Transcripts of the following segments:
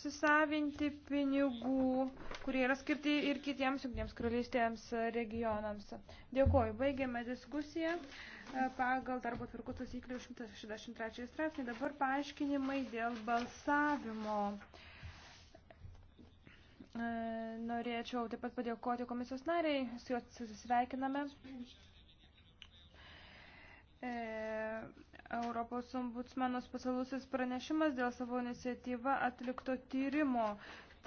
susavinti pinigų, kurie yra skirti ir kitiems jungtiems karalystėms regionams. Dėkuoju, baigėme diskusiją e, pagal darbo tvarkų taisyklių 163 straipsnį. Dabar paaiškinimai dėl balsavimo. E, norėčiau taip pat padėkoti komisijos nariai, su juo susisveikiname. E, Europos ombudsmeno specialusis pranešimas dėl savo iniciatyvą atlikto tyrimo.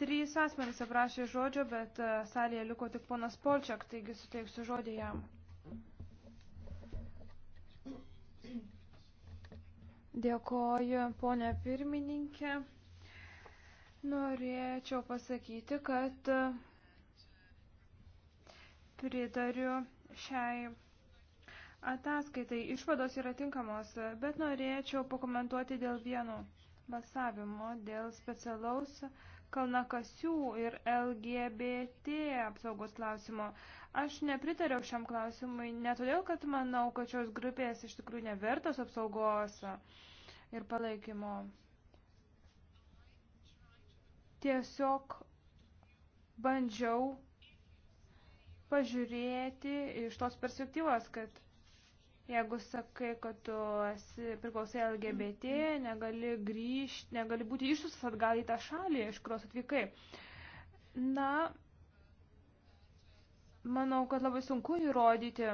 Trys asmenys aprašė žodžio, bet e, salėje liko tik ponas Polčiak, taigi suteiksiu žodį jam. Dėkoju, ponė pirmininkė. Norėčiau pasakyti, kad e, pritariu šiai Ataskaitai išvados yra tinkamos, bet norėčiau pakomentuoti dėl vieno balsavimo, dėl specialaus kalnakasių ir LGBT apsaugos klausimo. Aš nepritariau šiam klausimui ne todėl, kad manau, kad šios grupės iš tikrųjų nevertos apsaugos ir palaikymo. Tiesiog bandžiau pažiūrėti iš tos perspektyvos, kad Jeigu sakai, kad tu esi priklausai LGBT, negali grįžti, negali būti išsusas atgal į tą šalį, iš kurios atvykai. Na, manau, kad labai sunku įrodyti,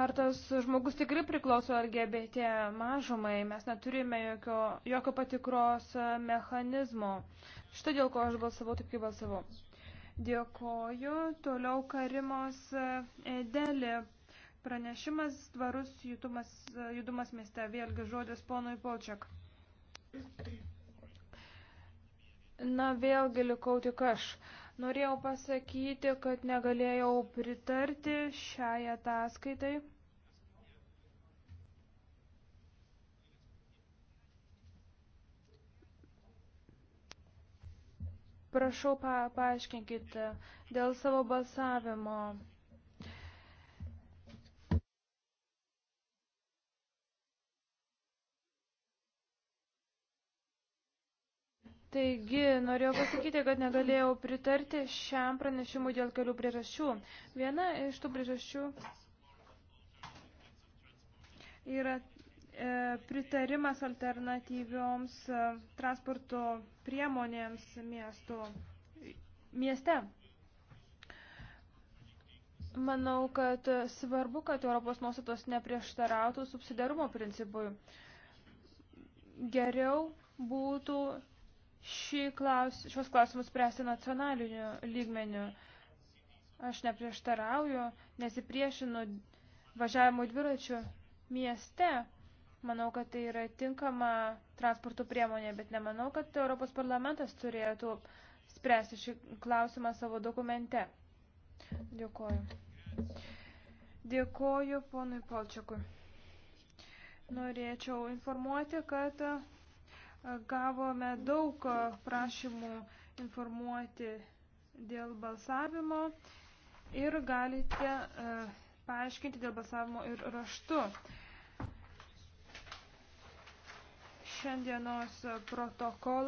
ar tas žmogus tikrai priklauso LGBT mažumai. Mes neturime jokio, jokio patikros mechanizmo. Štai dėl ko aš balsavau taip, kaip balsavau. Dėkoju. Toliau Karimos e, dėlį. Pranešimas tvarus judumas, e, judumas mieste. Vėlgi žodis ponui Polčiak. Na, vėlgi likau tik aš. Norėjau pasakyti, kad negalėjau pritarti šiai ataskaitai. Prašau, pa, paaiškinkite dėl savo balsavimo. Taigi, norėjau pasakyti, kad negalėjau pritarti šiam pranešimui dėl kelių priežasčių. Viena iš tų priežasčių yra E, pritarimas alternatyvioms e, transporto priemonėms miesto, mieste. Manau, kad svarbu, kad Europos nuostatos neprieštarautų subsidarumo principui. Geriau būtų klaus, šios klausimus spręsti nacionaliniu lygmeniu. Aš neprieštarauju, nesipriešinu važiavimui dviračiu mieste, Manau, kad tai yra tinkama transporto priemonė, bet nemanau, kad Europos parlamentas turėtų spręsti šį klausimą savo dokumente. Dėkoju. Dėkoju ponui Polčiakui. Norėčiau informuoti, kad e, gavome daug e, prašymų informuoti dėl balsavimo ir galite e, paaiškinti dėl balsavimo ir raštu. šiandienos protokolą.